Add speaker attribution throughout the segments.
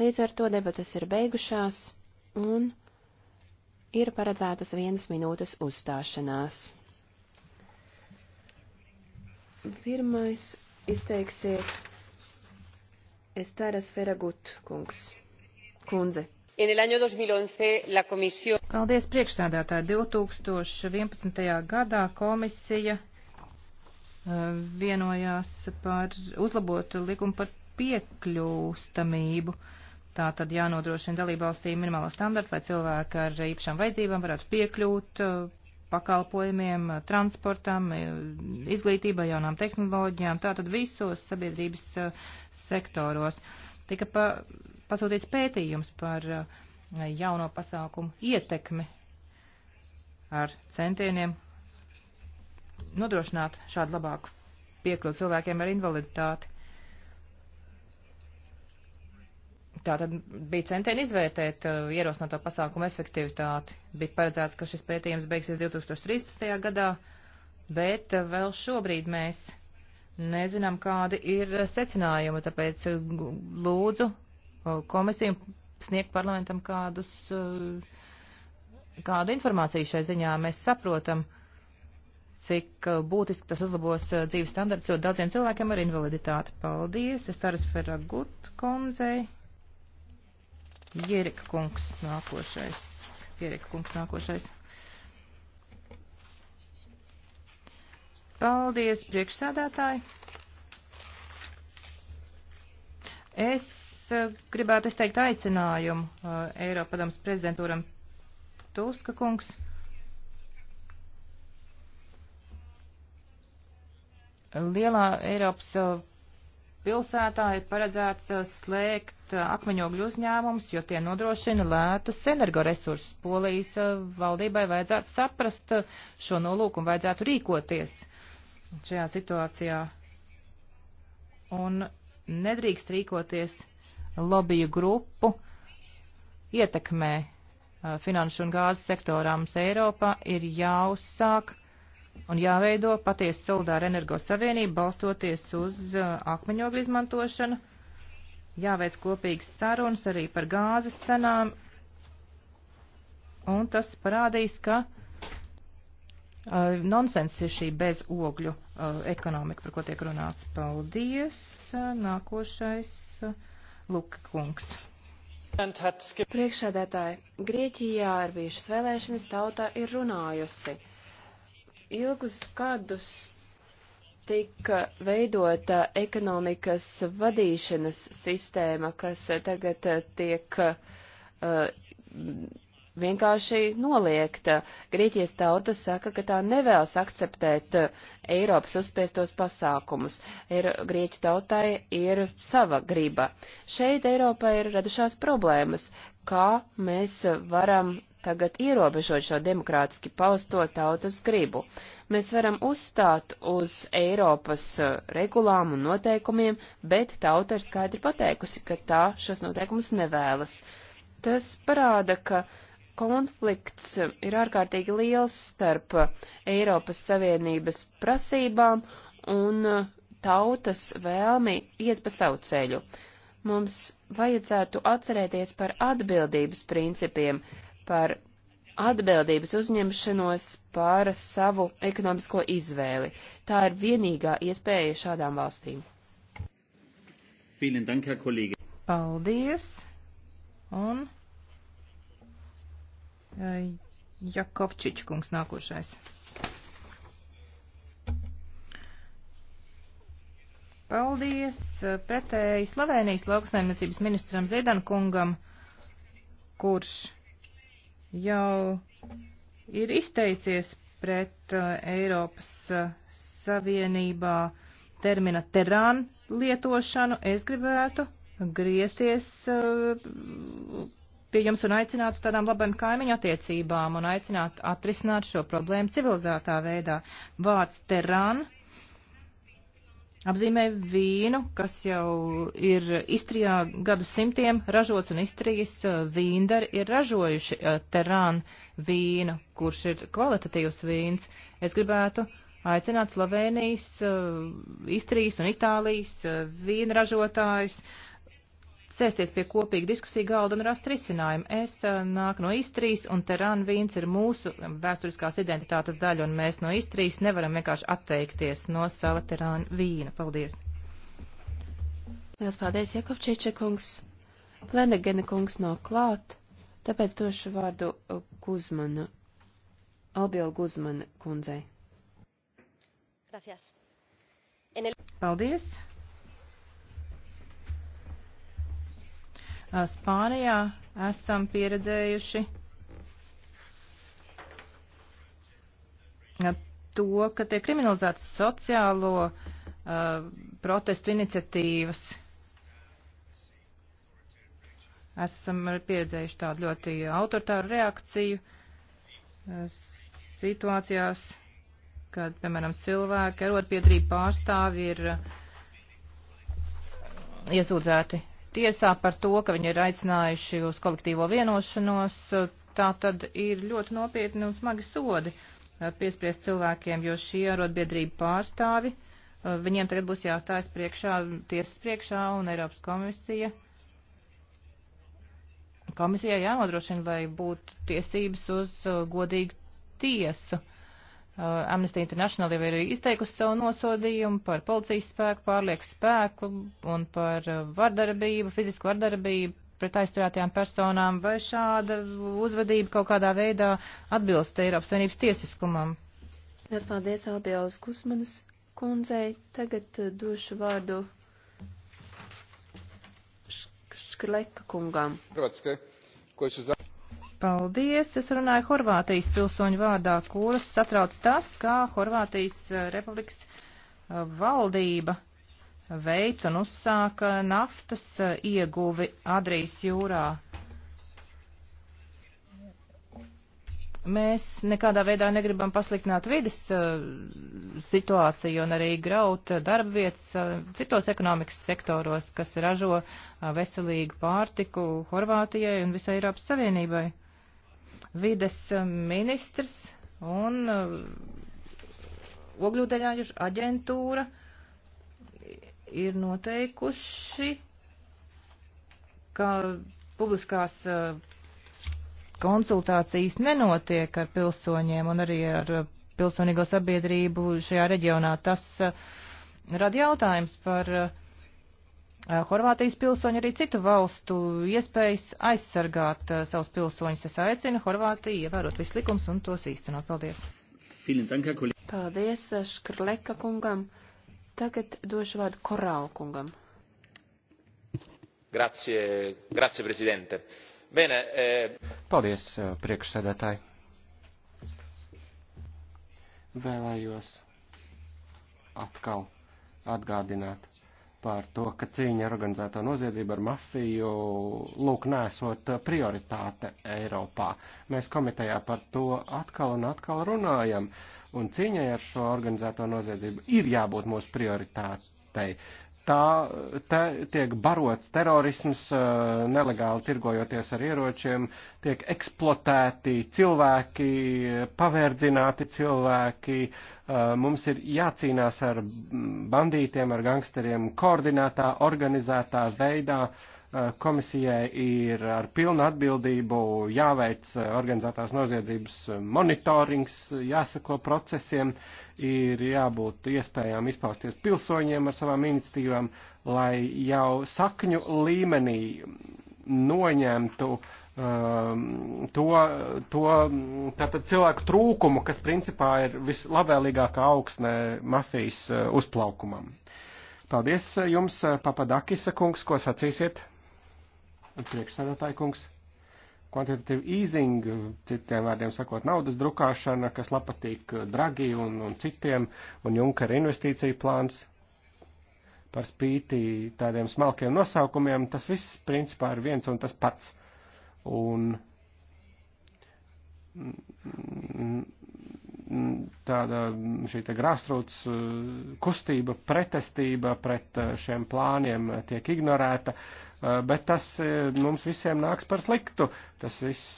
Speaker 1: Līdz ar to debatas ir beigušās un ir paredzētas vienas minūtes uzstāšanās. Pirmais izteiksies Estaras Feragut
Speaker 2: kungs. Kundze. Paldies priekšsādātāji. 2011. gadā komisija eh, vienojās par uzlabotu likumu par piekļūstamību. Uh, Tā tad jānodrošina dalībvalstīm minimālo standartu, lai cilvēki ar īpašām vajadzībām varētu piekļūt uh, pakalpojumiem, uh, transportam, uh, izglītībai, jaunām tehnoloģijām, tātad visos sabiedrības sektoros. Tika pa, pasūtīts pētījums par jauno pasākumu ietekmi ar centieniem nodrošināt šādu labāku piekļuvu cilvēkiem ar invaliditāti. Tā tad bija centieni izvērtēt uh, ierosināto pasākumu efektivitāti. Bija paredzēts, ka šis pētījums beigsies 2013. gadā, bet uh, vēl šobrīd mēs nezinām, kādi ir secinājumi, tāpēc uh, lūdzu uh, komisiju sniegt parlamentam kādus, uh, kādu informāciju šai ziņā. Mēs saprotam, cik uh, būtiski tas uzlabos dzīves standarts ļoti daudziem cilvēkiem ar invaliditāti. Paldies, es Taras Feragut kundzei. Jerika kungs nākošais. Jerika kungs nākošais. Paldies, priekšsādātāji. Es eh, gribētu izteikt aicinājumu uh, eh, Eiropadams prezidentūram Tuska kungs. Lielā Eiropas uh, pilsētā ir paredzēts uh, slēgt uh, akmeņogļu uzņēmumus, jo tie nodrošina lētus energoresursus. Polijas uh, valdībai vajadzētu saprast šo nolūku un vajadzētu rīkoties šajā situācijā. Un nedrīkst rīkoties lobiju grupu ietekmē finanšu un gāzes sektorā. Mums Eiropā ir jāuzsāk un jāveido patiesa soldāra energosavienība balstoties uz uh, akmeņogļu izmantošanu, jāveic kopīgas sarunas arī par gāzes cenām, un tas parādīs, ka uh, nonsens ir šī bezogļu uh, ekonomika, par ko tiek runāts. Paldies! Nākošais uh, Luka kungs.
Speaker 1: Priekšsēdētāji, Grieķijā ir bijušas vēlēšanas, tauta ir runājusi. Ilgus gadus tika veidota ekonomikas vadīšanas sistēma, kas tagad eh, tiek uh, vienkārši noliekta. Grieķijas tauta saka, ka tā nevēlas akceptēt eh, Eiropas uzspiestos pasākumus. Ir, Grieķu tautai ir sava griba. Šeit Eiropā ir radušās problēmas, kā mēs varam tagad ierobežot šo demokrātiski pausto tautas gribu. Mēs varam uzstāt uz Eiropas uh, regulām un noteikumiem, bet tauta ir skaidri pateikusi, ka tā šos noteikumus nevēlas. Tas parāda, ka konflikts uh, ir ārkārtīgi liels starp uh, Eiropas Savienības prasībām un tautas vēlmi iet pa savu ceļu. Mums vajadzētu atcerēties par atbildības principiem, par atbildības uzņemšanos par savu ekonomisko izvēli. Tā ir vienīgā
Speaker 2: iespēja šādām valstīm. Paldies! Un eh, Jakovčič kungs nākošais. Paldies! Eh, pretēji Slovenijas lauksaimniecības ministram Zidankungam, kurš jau ir izteicies pret uh, Eiropas uh, Savienībā termina terān lietošanu, es gribētu griezties uh, pie jums un aicināt tādām labām kaimiņu attiecībām un aicināt atrisināt šo problēmu civilizētā veidā. Vārds terān apzīmē vīnu, kas jau ir Istrijā gadu simtiem ražots, un Istrijas uh, vīndari ir ražojuši uh, terānu vīnu, kurš ir kvalitatīvs vīns. Es gribētu aicināt Slovenijas, uh, Istrijas un Itālijas vīnražotājus ražotājus sēsties pie kopīga diskusija galda un rast risinājumu. Es eh, nāku no Istrijas, un Terāna vīns ir mūsu vēsturiskās identitātes daļa, un mēs no Istrijas nevaram vienkārši atteikties no sava Terāna vīna. Paldies!
Speaker 1: Lielas paldies, Jakovčīče kungs! Plenegene kungs nav klāt, tāpēc došu vārdu Guzmana, Albiela Guzmana kundzei.
Speaker 3: Gracias.
Speaker 2: Paldies! Spānijā esam pieredzējuši to, ka tiek kriminalizēts sociālo uh, protestu iniciatīvas. Esam pieredzējuši tādu ļoti autoritāru reakciju uh, situācijās, kad, piemēram, cilvēki, arotbiedrība pārstāvi ir uh, iesūdzēti tiesā par to, ka viņi ir aicinājuši uz kolektīvo vienošanos. Tā tad ir ļoti nopietni un smagi sodi eh, piespriest cilvēkiem, jo šie arotbiedrība pārstāvi, eh, viņiem tagad būs jāstājas priekšā, tiesas priekšā un Eiropas komisija. Komisijai jānodrošina, lai būtu tiesības uz eh, godīgu tiesu. Uh, Amnesty International jau ir izteikusi savu nosodījumu par policijas spēku, pārlieku spēku un par uh, vardarbību, fizisku vardarbību pret aizturētajām personām, vai šāda uzvedība kaut kādā veidā atbilst Eiropas Savienības tiesiskumam.
Speaker 1: Es paldies Albielas Kusmanas kundzei.
Speaker 2: Tagad uh, došu vārdu Škrleka kungam.
Speaker 1: Protams, ka, ko es uz
Speaker 2: Paldies! Es runāju Horvātijas pilsoņu vārdā, kurus satrauc tas, kā Horvātijas eh, republikas eh, valdība veic un uzsāka naftas eh, ieguvi Adrijas jūrā. Mēs nekādā veidā negribam pasliktināt vidas situāciju un arī graut darba vietas citos ekonomikas sektoros, kas ražo veselīgu pārtiku Horvātijai un visai Eiropas Savienībai vides eh, ministrs un eh, ogļūdeņāģušu aģentūra ir noteikuši, ka publiskās eh, konsultācijas nenotiek ar pilsoņiem un arī ar pilsonīgo sabiedrību šajā reģionā. Tas rada jautājums par uh, Eh, Horvātijas pilsoņi arī citu valstu iespējas aizsargāt eh, savus pilsoņus. Es aicinu Horvātiju ievērot visus likums un tos īstenot. Paldies!
Speaker 1: Paldies eh, Škrleka kungam. Tagad došu vārdu Korau kungam.
Speaker 3: Grazie, grazie, prezidente. Bene, eh... Paldies, priekšsēdētāji. Vēlējos atkal atgādināt par to, ka cīņa ar organizēto noziedzību ar mafiju lūk nesot prioritāte Eiropā. Mēs komitejā par to atkal un atkal runājam, un cīņai ar šo organizēto noziedzību ir jābūt mūsu prioritātei. Tā te, tiek barots terorisms, eh, nelegāli tirgojoties ar ieročiem, tiek eksploatēti cilvēki, pavērdzināti cilvēki, uh, Uh, mums ir jācīnās ar bandītiem, ar gangsteriem koordinētā, organizētā veidā. Uh, komisijai ir ar pilnu atbildību jāveic uh, organizētās noziedzības monitorings, jāsako procesiem, ir jābūt iespējām izpausties pilsoņiem ar savām iniciatīvām, lai jau sakņu līmenī noņemtu uh, Um, to, to tātad cilvēku trūkumu, kas principā ir vislabvēlīgākā augsne mafijas uh, uzplaukumam. Paldies uh, jums, uh, Papadakisa kungs, ko sacīsiet? Priekšsēdētāja kungs. Quantitative easing, citiem vārdiem sakot, naudas drukāšana, kas patīk Dragi un, un citiem, un Junkera investīcija plāns par spīti tādiem smalkiem nosaukumiem, tas viss principā ir viens un tas pats un tāda šī te grassroots uh, kustība, pretestība pret uh, šiem plāniem tiek ignorēta, uh, bet tas mums visiem nāks par sliktu. Tas viss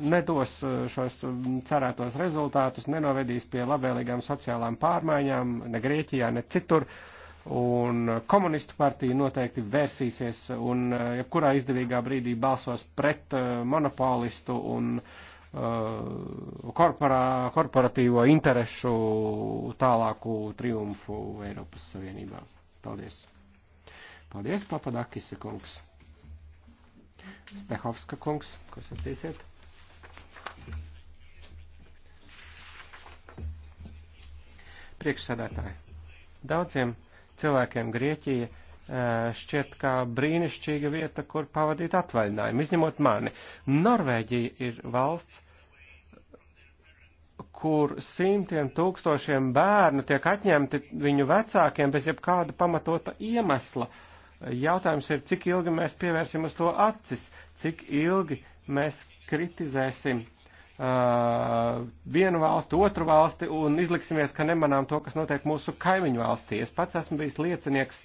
Speaker 3: nedos šos um, cerētos rezultātus, nenovedīs pie labvēlīgām sociālām pārmaiņām ne Grieķijā, ne citur. Uh, un komunistu partija noteikti vērsīsies un eh, jebkurā izdevīgā brīdī balsos pret eh, monopolistu un uh, korporā, korporatīvo interešu tālāku triumfu Eiropas Savienībā. Paldies. Paldies, Papadakis kungs. Stehovska kungs, ko sacīsiet? Priekšsēdētāji. Daudziem cilvēkiem Grieķija eh, šķiet kā brīnišķīga vieta, kur pavadīt atvaļinājumu, izņemot mani. Norvēģija ir valsts, kur simtiem tūkstošiem bērnu tiek atņemti viņu vecākiem bez jebkāda pamatota iemesla. Jautājums ir, cik ilgi mēs pievērsim uz to acis, cik ilgi mēs kritizēsim uh, vienu valsti, otru valsti un izliksimies, ka nemanām to, kas notiek mūsu kaimiņu valstī. Es pats esmu bijis liecinieks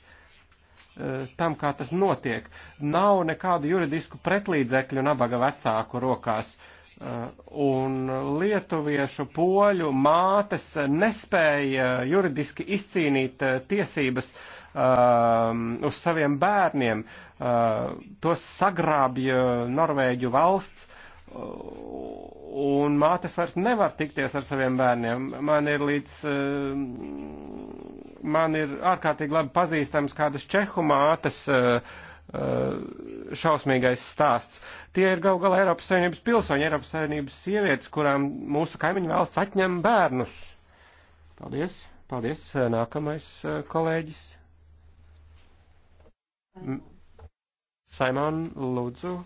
Speaker 3: uh, tam, kā tas notiek. Nav nekādu juridisku pretlīdzekļu nabaga vecāku rokās. Uh, un lietuviešu poļu mātes nespēja juridiski izcīnīt uh, tiesības uh, uz saviem bērniem, uh, tos sagrābja uh, Norvēģu valsts, uh, un mātes vairs nevar tikties ar saviem bērniem. Man ir līdz, eh, man ir ārkārtīgi labi pazīstams kādas čehu mātes eh, šausmīgais stāsts. Tie ir gal galā Eiropas Savienības pilsoņi, Eiropas Savienības sievietes, kurām mūsu kaimiņu valsts atņem bērnus. Paldies, paldies, eh, nākamais kolēģis. Saimon, lūdzu.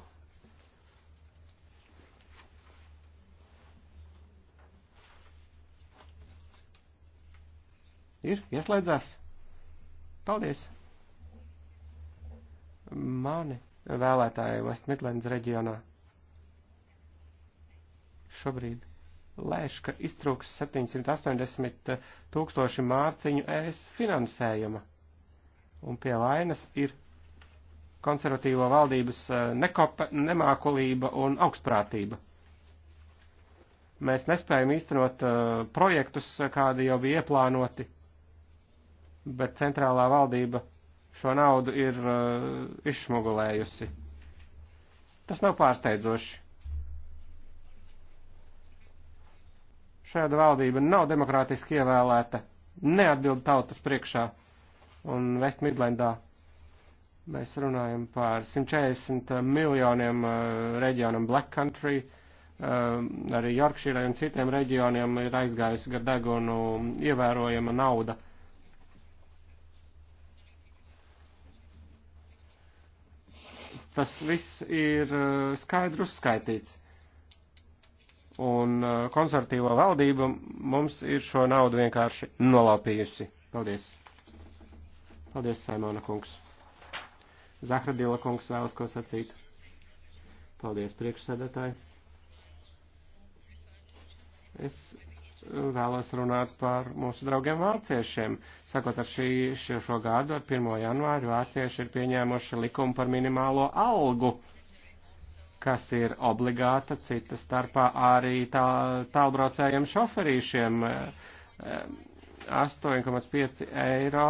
Speaker 3: Ir ieslēdzās. Paldies! Mani vēlētāji Westmidlands reģionā. Šobrīd lēš, ka iztrūks 780 tūkstoši mārciņu ēs finansējuma. Un pie vainas ir konservatīvo valdības eh, nekopa, nemākulība un augstprātība. Mēs nespējam īstenot eh, projektus, eh, kādi jau bija ieplānoti bet centrālā valdība šo naudu ir uh, izšmugulējusi. Tas nav pārsteidzoši. Šāda valdība nav demokrātiski ievēlēta, neatbild tautas priekšā un Vestmidlendā. Mēs runājam par 140 miljoniem uh, reģionam Black Country, uh, arī Yorkshirai un citiem reģioniem ir aizgājusi gar degunu ievērojama nauda. Uh, Tas viss ir eh, skaidri uzskaitīts. Un eh, konservatīvo valdība mums ir šo naudu vienkārši nolāpījusi. Paldies. Paldies, Saimona kungs. Zahradila kungs vēlas ko sacīt. Paldies, priekšsēdētāji. Es vēlos runāt par mūsu draugiem vāciešiem. Sakot ar šī, šo, šo gadu, ar 1. janvāri, vācieši ir pieņēmuši likumu par minimālo algu, kas ir obligāta cita starpā arī tā, tālbraucējiem šoferīšiem. 8,5 eiro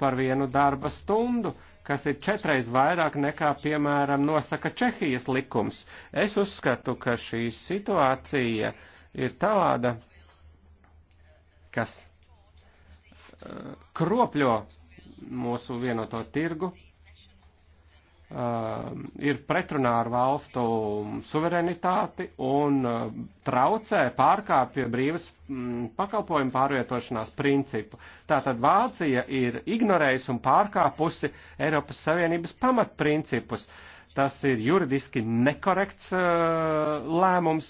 Speaker 3: par vienu darba stundu kas ir četreiz vairāk nekā, piemēram, nosaka Čehijas likums. Es uzskatu, ka šī situācija ir tāda, kas eh, kropļo mūsu vienoto tirgu, eh, ir pretrunā ar valstu suverenitāti un eh, traucē pārkāpja brīvas mm, pakalpojumu pārvietošanās principu. Tātad Vācija ir ignorējusi un pārkāpusi Eiropas Savienības pamatprincipus. Tas ir juridiski nekorekts lēmums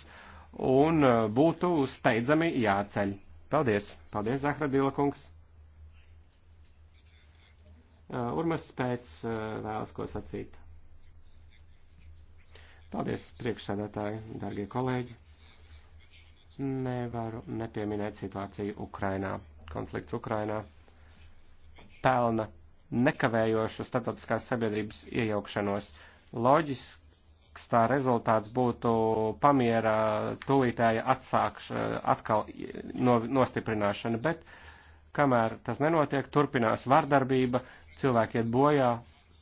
Speaker 3: un būtu steidzami jāceļ. Paldies! Paldies, Zahradila kungs! Uh, Urmas pēc uh, vēlas ko sacīt. Paldies, priekšsēdētāji, dargie kolēģi! Nevaru nepieminēt situāciju Ukrainā. Konflikts Ukrainā pelna nekavējošu starptautiskās sabiedrības iejaukšanos. Loģiski kas tā rezultāts būtu pamiera tūlītēja atsākšana, atkal no, nostiprināšana, bet kamēr tas nenotiek, turpinās vardarbība, cilvēki iet bojā,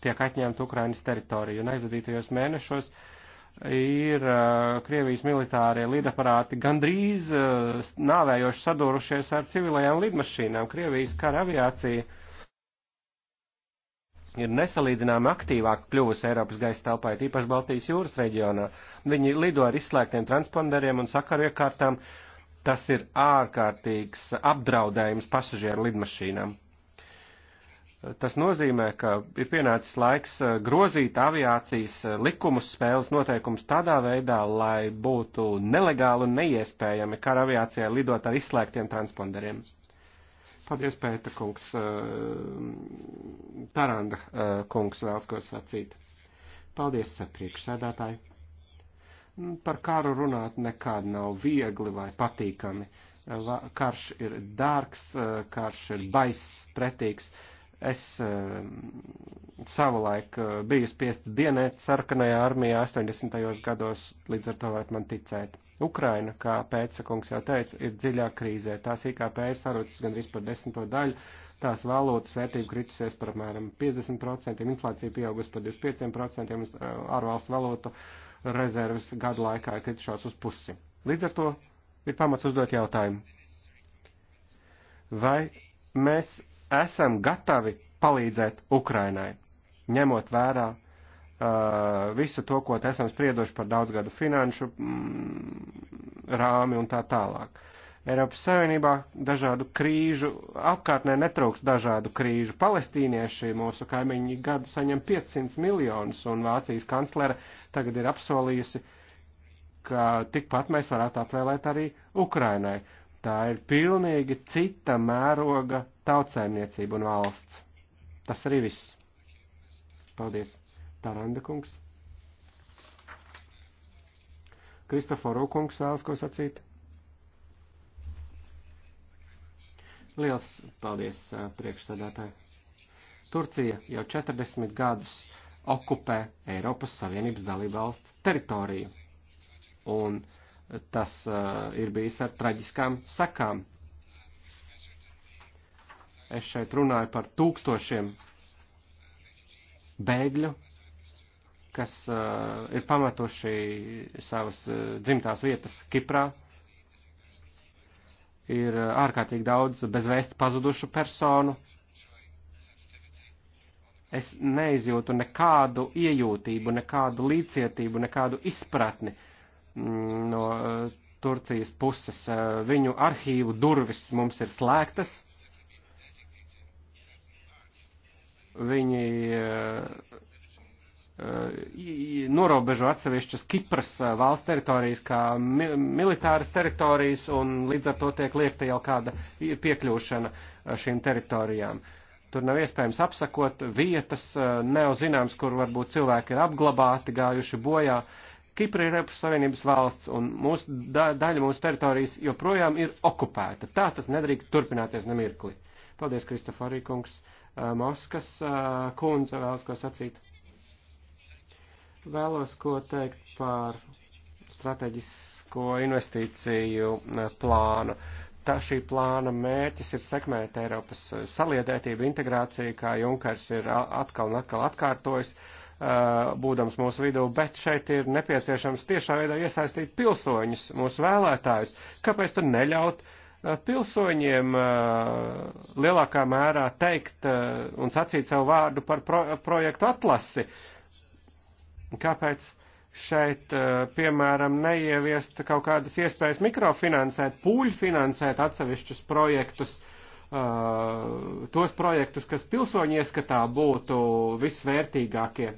Speaker 3: tiek atņemta Ukrainas teritorija, un aizvadītajos mēnešos ir uh, Krievijas militārie lidaparāti gandrīz uh, nāvējoši sadurušies ar civilajām lidmašīnām. Krievijas kara aviācija uh, ir nesalīdzināmi aktīvāk kļuvusi Eiropas gaisa telpā, ir īpaši Baltijas jūras reģionā. Viņi lido ar izslēgtiem transponderiem un sakaru iekārtām. Tas ir ārkārtīgs apdraudējums pasažieru lidmašīnām. Tas nozīmē, ka ir pienācis laiks eh, grozīt aviācijas eh, likumus, spēles noteikumus tādā veidā, lai būtu nelegāli un neiespējami kara aviācijai lidot ar izslēgtiem transponderiem. Paldies, Pēta kungs. Eh, Taranda eh, kungs vēlas ko sacīt. Paldies, priekšsēdētāji. Nu, par karu runāt nekad nav viegli vai patīkami. Eh, karš ir dārgs, karš ir baiss, pretīgs Es eh, savulaik eh, biju spiests dienēt sarkanajā armijā 80. gados, līdz ar to varat man ticēt. Ukraina, kā pēcsakungs jau teica, ir dziļā krīzē. Tās IKP ir sarūcis gandrīz par desmito daļu, tās valūtas vērtība kritusies par apmēram 50%, inflācija pieaugusi par 25%, eh, ārvalstu valūtu rezerves gadu laikā ir kritušās uz pusi. Līdz ar to ir pamats uzdot jautājumu. Vai mēs esam gatavi palīdzēt Ukrainai, ņemot vērā uh, visu to, ko esam sprieduši par daudzgadu finanšu mm, rāmi un tā tālāk. Eiropas Savienībā dažādu krīžu, apkārtnē netrūks dažādu krīžu. Palestīnieši mūsu kaimiņi gadu saņem 500 miljonus, un Vācijas kanclere tagad ir apsolījusi, ka tikpat mēs varētu atvēlēt arī Ukrainai. Tā ir pilnīgi cita mēroga tautsēmniecība un valsts. Tas arī viss. Paldies, Taranda kungs. Kristoforu kungs vēlas ko sacīt. Liels paldies priekšstādātāji. Turcija jau 40 gadus okupē Eiropas Savienības dalībvalsts teritoriju. Un uh, tas eh, ir bijis ar traģiskām sakām. Es šeit runāju par tūkstošiem bēgļu, kas eh, ir pamatoši savas eh, dzimtās vietas Kiprā. Ir ārkārtīgi daudz bezvēsti pazudušu personu. Es neizjūtu nekādu iejūtību, nekādu līdzcietību, nekādu izpratni Mm, no eh, Turcijas puses. Eh, viņu arhīvu durvis mums ir slēgtas. Viņi eh, norobežo atsevišķas Kipras valsts teritorijas kā mi militāras teritorijas un līdz ar to tiek liekta jau kāda piekļūšana šīm teritorijām. Tur nav iespējams apsakot vietas, nav zināms, kur varbūt cilvēki ir apglabāti, gājuši bojā. Uh, Kipra ir Eiropas Savienības valsts, un mūsu da daļa mūsu teritorijas joprojām ir okupēta. Tā tas nedrīkst turpināties nemirkli. Paldies, Kristoforī kungs. Moskas kundze vēlas ko sacīt. Vēlos ko teikt par strateģisko investīciju plānu. Tā šī plāna mērķis ir sekmēt Eiropas saliedētību, integrāciju, kā Junkers ir atkal un atkal atkārtojis. Uh, Uh, būdams mūsu vidū, bet šeit ir nepieciešams tiešā veidā iesaistīt pilsoņus, mūsu vēlētājus. Kāpēc tad neļaut uh, pilsoņiem uh, lielākā mērā teikt un sacīt savu vārdu par pro projektu atlasi? Kāpēc? šeit, piemēram, neieviest kaut kādas iespējas mikrofinansēt, pūļfinansēt atsevišķus projektus, tos projektus, kas pilsoņu ieskatā būtu visvērtīgākie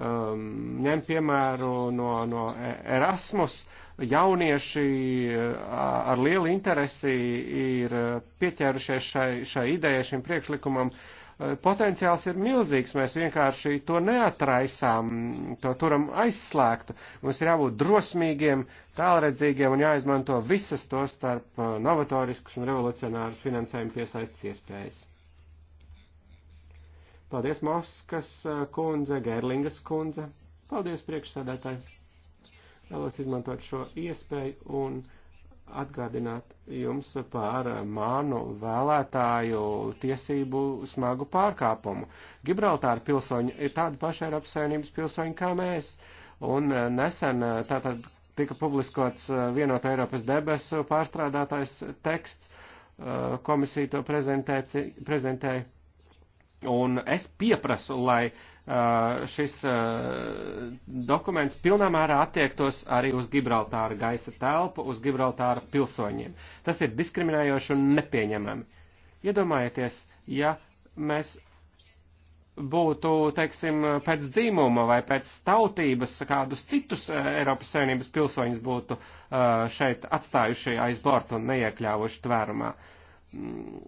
Speaker 3: um, ņem piemēru no, no Erasmus, jaunieši uh, ar lielu interesi ir uh, pieķērušies šai, šai idejai, šim priekšlikumam. Uh, potenciāls ir milzīgs, mēs vienkārši to neatraisām, to turam aizslēgtu. Mums ir jābūt drosmīgiem, tālredzīgiem un jāizmanto visas to starp novatoriskus un revolucionārus finansējumu piesaistas iespējas. Paldies, Moskas eh, kundze, Gerlingas kundze. Paldies, priekšsēdētāji. Vēlos izmantot šo iespēju un atgādināt jums par mānu vēlētāju tiesību smagu pārkāpumu. Gibraltāra pilsoņi ir tādi paši Eiropas Savienības pilsoņi kā mēs. Un eh, nesen eh, tātad tika publiskots vienota Eiropas debesu pārstrādātais teksts. Komisija to prezentēja Un es pieprasu, lai uh, šis uh, dokuments pilnā mērā attiektos arī uz Gibraltāra gaisa telpu, uz Gibraltāra pilsoņiem. Tas ir diskriminējoši un nepieņemami. Iedomājieties, ja mēs būtu, teiksim, pēc dzimuma vai pēc tautības kādus citus uh, Eiropas Savienības pilsoņus būtu šeit atstājuši aiz bortu un neiekļāvuši tvērumā mm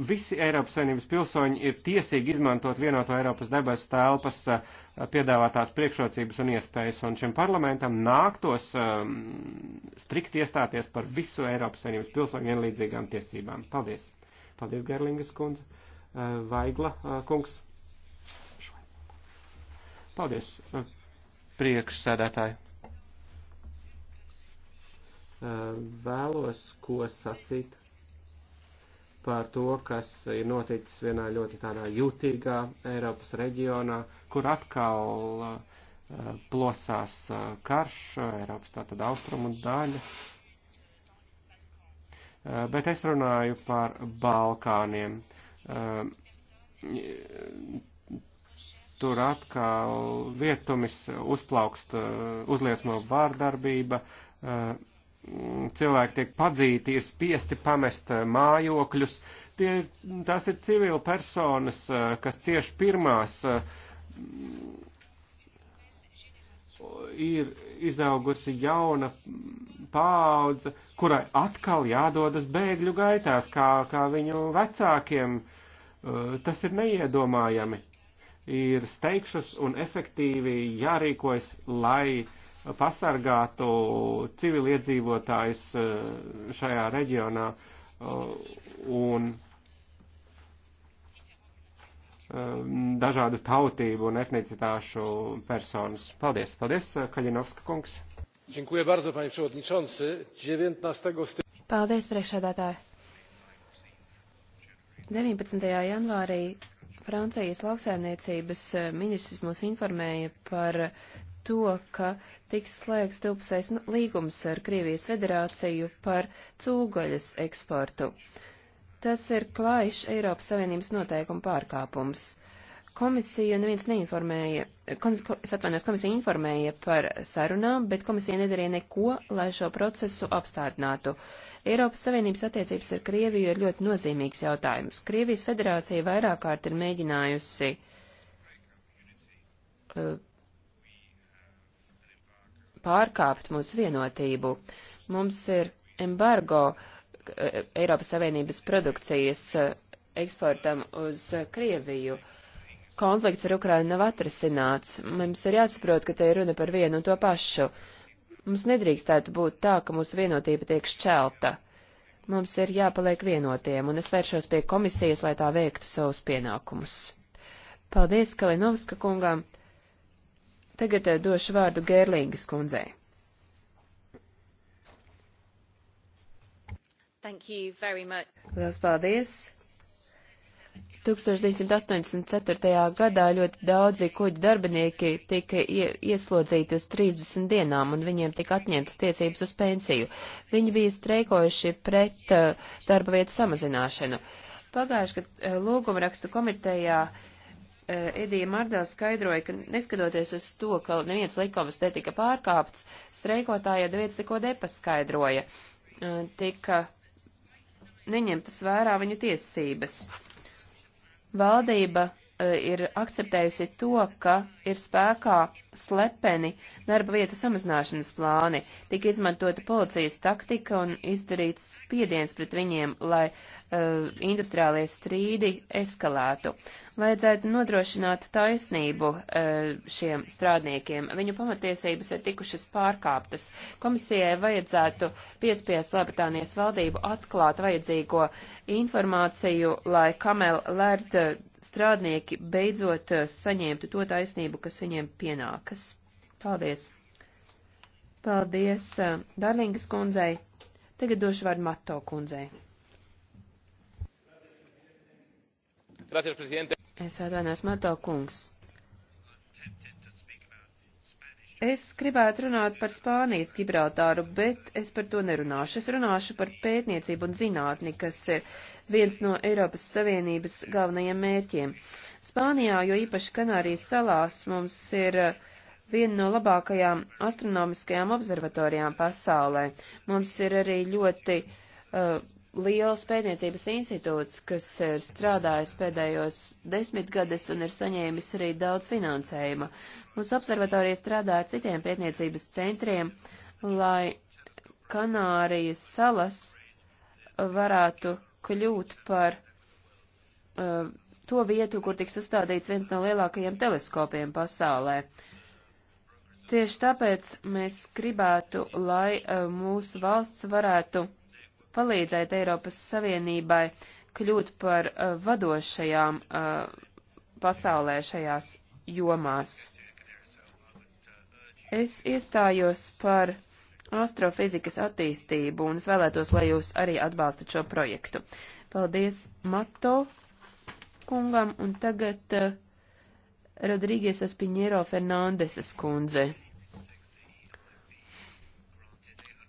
Speaker 3: visi Eiropas Savienības pilsoņi ir tiesīgi izmantot vienoto Eiropas debesu telpas eh, piedāvātās priekšrocības un iespējas, un šim parlamentam nāktos um, strikt iestāties par visu Eiropas Savienības pilsoņu vienlīdzīgām tiesībām. Paldies! Paldies, Gerlingas kundze! Eh, Vaigla eh, kungs! Paldies, priekšsēdētāji! Vēlos ko sacīt par to, kas ir noticis vienā ļoti tādā jutīgā Eiropas reģionā, kur atkal uh, plosās uh, karš, Eiropas tātad austrumu daļa. Uh, bet es runāju par Balkāniem. Uh, tur atkal vietumis uzplaukst, uh, uzliesmo vārdarbība, uh, Mm, cilvēki tiek padzīti, ir spiesti pamest eh, mājokļus. Tie, tās ir civila personas, eh, kas cieši pirmās eh, ir izaugusi jauna paudze, kurai atkal jādodas bēgļu gaitās, kā, kā viņu vecākiem. Tas ir neiedomājami. Ir steigšus un efektīvi jārīkojas, lai uh, pasargātu civiliedzīvotājus eh, šajā reģionā eh, un eh, dažādu tautību un etnicitāšu personas. Paldies, paldies, Kaļinovska kungs. Bardzo, panie przewodniczący. 19 stycznia.
Speaker 1: Paldies, priekšsēdētāji. 19. janvārī Francijas lauksaimniecības ministrs mūs informēja par to, ka tiks slēgts divpusējs līgums ar Krievijas federāciju par cūgaļas eksportu. Tas ir klājš Eiropas Savienības noteikuma pārkāpums. Komisiju neviens neinformēja, kon, ko, es atvainojos, komisija informēja par sarunām, bet komisija nedarīja neko, lai šo procesu apstādinātu. Eiropas Savienības attiecības ar Krieviju ir ļoti nozīmīgs jautājums. Krievijas federācija vairāk kārt ir mēģinājusi uh, pārkāpt mūsu vienotību. Mums ir embargo eh, Eiropas Savienības produkcijas eh, eksportam uz eh, Krieviju. Konflikts ar Ukrainu nav atrisināts. Mums ir jāsaprot, ka te ir runa par vienu un to pašu. Mums nedrīkstētu būt tā, ka mūsu vienotība tiek šķelta. Mums ir jāpaliek vienotiem, un es vēršos pie komisijas, lai tā veiktu savus pienākumus. Paldies Kalinovska kungam! Tagad eh, došu vārdu Gērlīgas kundzei. Lielas paldies! 1984. gadā ļoti daudzi kuģi darbinieki tika ieslodzīti uz 30 dienām, un viņiem tika atņemtas tiesības uz pensiju. Viņi bija streikojuši pret uh, darba vietu samazināšanu. Pagājuši, kad uh, eh, lūguma rakstu komitejā uh, Eh, Edija Mardēl skaidroja, ka neskatoties uz to, ka neviens likums netika pārkāpts, streikotāja neviens neko nepaskaidroja, eh, tika neņemtas vērā viņu tiesības. Valdība Eh, ir akceptējusi to, ka ir spēkā slepeni darba vietu samazināšanas plāni, tika izmantota policijas taktika un izdarīts spiediens pret viņiem, lai uh, industriālie strīdi eskalētu. Vajadzētu nodrošināt taisnību uh, šiem strādniekiem. Viņu pamatiesības ir tikušas pārkāptas. Komisijai vajadzētu piespiest Lielbritānijas valdību atklāt vajadzīgo informāciju, lai Kamel Lērta strādnieki beidzot eh, saņemtu to taisnību, kas viņiem pienākas. Paldies! Paldies eh, Darlingas kundzei! Tagad došu vārdu Mato kundzei.
Speaker 3: Gracias,
Speaker 1: es atvainojos, Mato kungs. Es gribētu runāt par Spānijas Gibraltāru, bet es par to nerunāšu. Es runāšu par pētniecību un zinātni, kas ir viens no Eiropas Savienības galvenajiem mērķiem. Spānijā, jo īpaši Kanārijas salās, mums ir eh, viena no labākajām astronomiskajām observatorijām pasaulē. Mums ir arī ļoti uh, liels pētniecības institūts, kas ir strādājis pēdējos desmitgades un ir saņēmis arī daudz finansējuma. Mūsu observatorija strādā ar citiem pētniecības centriem, lai Kanārijas salas varētu kļūt par uh, to vietu, kur tiks uzstādīts viens no lielākajiem teleskopiem pasaulē. Tieši tāpēc mēs gribētu, lai uh, mūsu valsts varētu palīdzēt Eiropas Savienībai kļūt par uh, vadošajām uh, pasaulē šajās jomās. Es iestājos par astrofizikas attīstību un es vēlētos, lai jūs arī atbalstat šo projektu. Paldies Mato kungam un tagad uh, Rodrīgiesas Piņero Fernandesas kundze.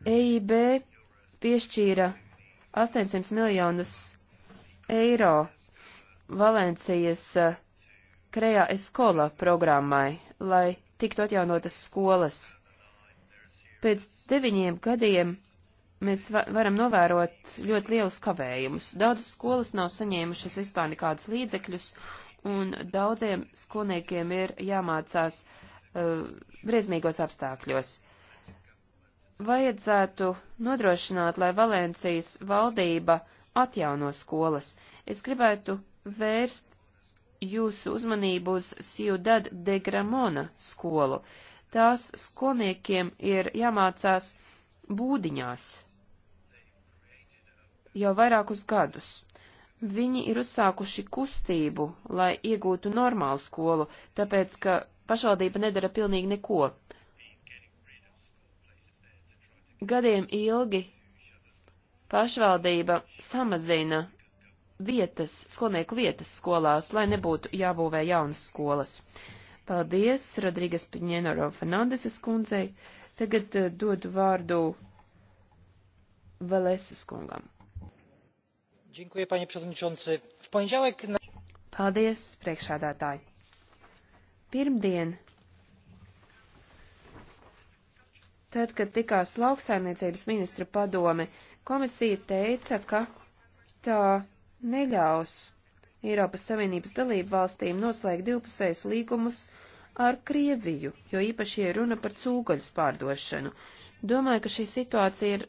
Speaker 1: EIB piešķīra 800 miljonus eiro Valencijas Krejā eh, Eskola programmai, lai tiktu atjaunotas skolas. Pēc deviņiem gadiem mēs va varam novērot ļoti lielus kavējumus. Daudzas skolas nav saņēmušas vispār nekādus līdzekļus, un daudziem skolniekiem ir jāmācās uh, briesmīgos apstākļos. Uh, vajadzētu nodrošināt, lai Valencijas valdība atjauno skolas. Es gribētu vērst jūsu uzmanību uz Ciudad de Gramona skolu. Tās skolniekiem ir jāmācās būdiņās jau vairākus gadus. Viņi ir uzsākuši kustību, lai iegūtu normālu skolu, tāpēc, ka pašvaldība nedara pilnīgi neko gadiem ilgi pašvaldība samazina vietas, skolnieku vietas skolās, lai nebūtu jābūvē jaunas skolas. Paldies Rodrīgas Piņēnoro Fernandeses kundzei. Tagad uh, dodu vārdu Valesas kungam.
Speaker 2: Dziękuję, panie przewodniczący. W
Speaker 1: poniedziałek... Paldies, priekšādātāji. Pirmdien Tad, kad tikās lauksaimniecības ministru padome, komisija teica, ka tā neļaus Eiropas Savienības dalību valstīm noslēgt divpusējus līgumus ar Krieviju, jo īpaši ir runa par cūgaļas pārdošanu. Domāju, ka šī situācija ir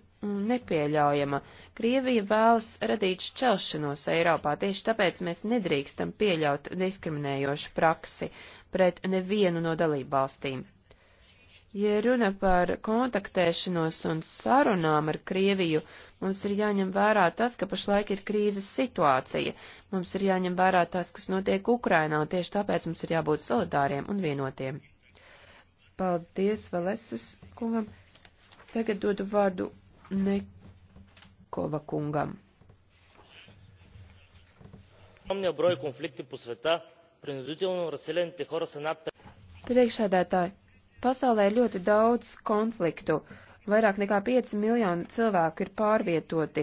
Speaker 1: nepieļaujama. Krievija vēlas radīt šķelšanos Eiropā, tieši tāpēc mēs nedrīkstam pieļaut diskriminējošu praksi pret nevienu no dalībvalstīm. Ja runa par kontaktēšanos un sarunām ar Krieviju, mums ir jāņem vērā tas, ka pašlaik ir krīzes situācija. Mums ir jāņem vērā tas, kas notiek Ukrainā, un tieši tāpēc mums ir jābūt solidāriem un vienotiem. Paldies, Valesas kungam. Tagad dodu vārdu Nekova kungam. Priekšādātāji, Pasaulē ir ļoti daudz konfliktu. Vairāk nekā 5 miljoni cilvēku ir pārvietoti,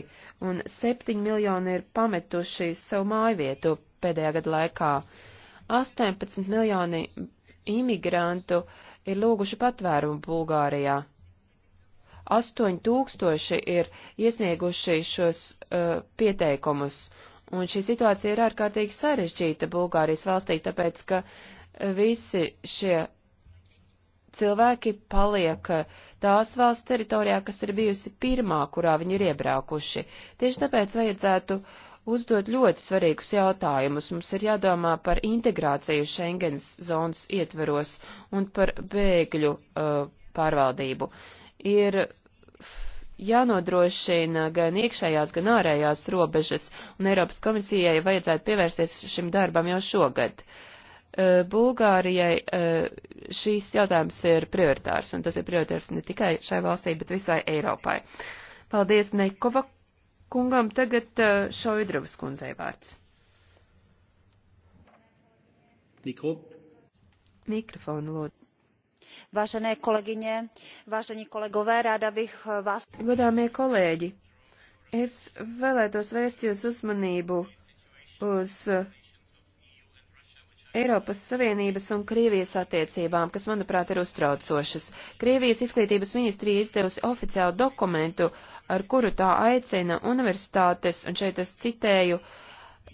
Speaker 1: un 7 miljoni ir pametuši savu mājvietu pēdējā gada laikā. 18 miljoni imigrantu ir lūguši patvērumu Bulgārijā. 8000 ir iesnieguši šos uh, pieteikumus, un šī situācija ir ārkārtīgi sarežģīta Bulgārijas valstī, tāpēc, ka uh, visi šie cilvēki paliek eh, tās valsts teritorijā, kas ir bijusi pirmā, kurā viņi ir iebraukuši. Tieši tāpēc vajadzētu uzdot ļoti svarīgus jautājumus. Mums ir jādomā par integrāciju Schengens zonas ietveros un par bēgļu uh, pārvaldību. Ir jānodrošina gan iekšējās, gan ārējās robežas, un Eiropas komisijai vajadzētu pievērsties šim darbam jau šogad. Uh, Eh, Bulgārijai eh, šīs jautājums ir prioritārs, un tas ir prioritārs ne tikai šai valstī, bet visai Eiropai. Paldies Nekova kungam, tagad eh, Šoidrovas kundzei vārds. Mikro. Mikrofonu lūdzu.
Speaker 2: Vážené kolegyně, vážení kolegové, ráda bych vás...
Speaker 1: Godāmie kolēģi, es vēlētos vēst jūs uzmanību uz uh, Eiropas Savienības un Krievijas attiecībām, kas, manuprāt, ir uztraucošas. Krievijas izglītības ministrija izdevusi oficiālu dokumentu, ar kuru tā aicina universitātes, un šeit es citēju, uh,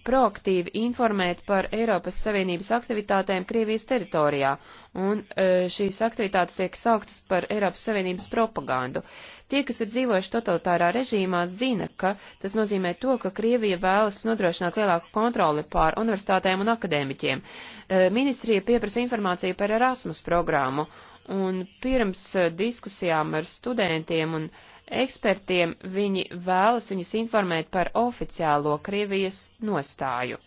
Speaker 1: proaktīvi informēt par Eiropas Savienības aktivitātēm Krievijas teritorijā, un e, šīs aktivitātes tiek sauktas par Eiropas Savienības propagandu. Tie, kas ir dzīvojuši totalitārā režīmā, zina, ka tas nozīmē to, ka Krievija vēlas nodrošināt lielāku kontroli pār universitātēm un akadēmiķiem. E, ministrija pieprasa informāciju par Erasmus programmu, un pirms e, diskusijām ar studentiem un uh, ekspertiem, viņi vēlas viņus informēt par oficiālo Krievijas nostāju.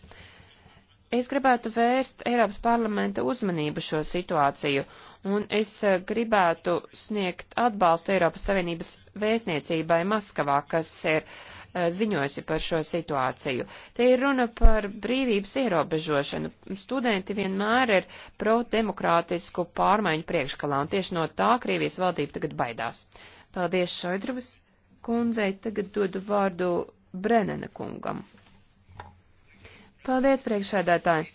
Speaker 1: Es gribētu vērst Eiropas parlamenta uzmanību šo situāciju, un es eh, gribētu sniegt atbalstu Eiropas Savienības vēstniecībai Maskavā, kas ir eh, ziņojusi par šo situāciju. Te ir runa par brīvības ierobežošanu. Studenti vienmēr ir pro-demokrātisku pārmaiņu priekškalā, un tieši no tā Krievijas valdība tagad baidās. Paldies Šoidrovas kundzei, tagad dodu vārdu Brenena kungam. Paldies, priekšēdētāji!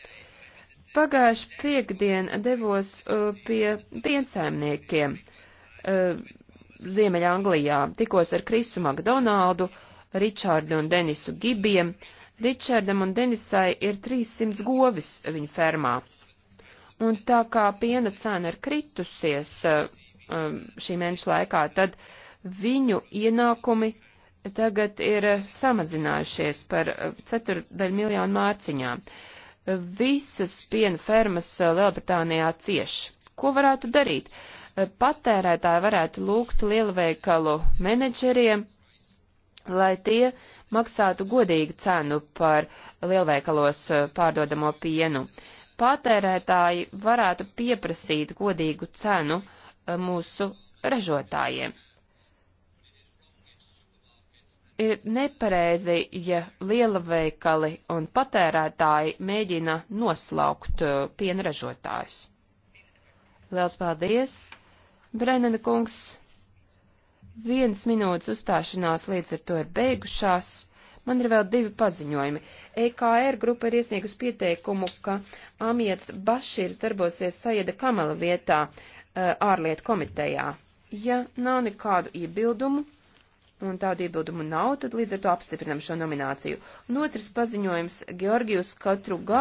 Speaker 1: Pagājuši piekdien devos uh, pie piensaimniekiem uh, Ziemeļa Anglijā. Tikos ar Krisu Makdonaldu, Ričārdu un Denisu Gibiem. Ričardam un Denisai ir 300 govis viņa fermā. Un tā kā piena cena ir kritusies, uh, Um, šī mēneša laikā, tad viņu ienākumi tagad ir uh, samazinājušies par uh, ceturdaļu miljonu mārciņām. Visas piena fermas uh, Lielbritānijā cieš. Ko varētu darīt? Patērētāji varētu lūgt lielveikalu menedžeriem, lai tie maksātu godīgu cenu par lielveikalos pārdodamo pienu. Patērētāji varētu pieprasīt godīgu cenu uh, mūsu ražotājiem. Ir nepareizi, ja lielveikali un patērētāji mēģina noslaukt uh, piena ražotājus. Liels paldies, Brennana kungs! Viens minūtes uzstāšanās līdz ar to ir beigušās. Man ir vēl divi paziņojumi. EKR grupa ir iesniegusi pieteikumu, ka Amiets Bašīrs darbosies Sajeda Kamala vietā Eh, ārlietu komitejā. Ja nav nekādu iebildumu, un tādu iebildumu nav, tad līdz ar to apstiprinam šo nomināciju. Un otrs paziņojums Georgijus katru gadu.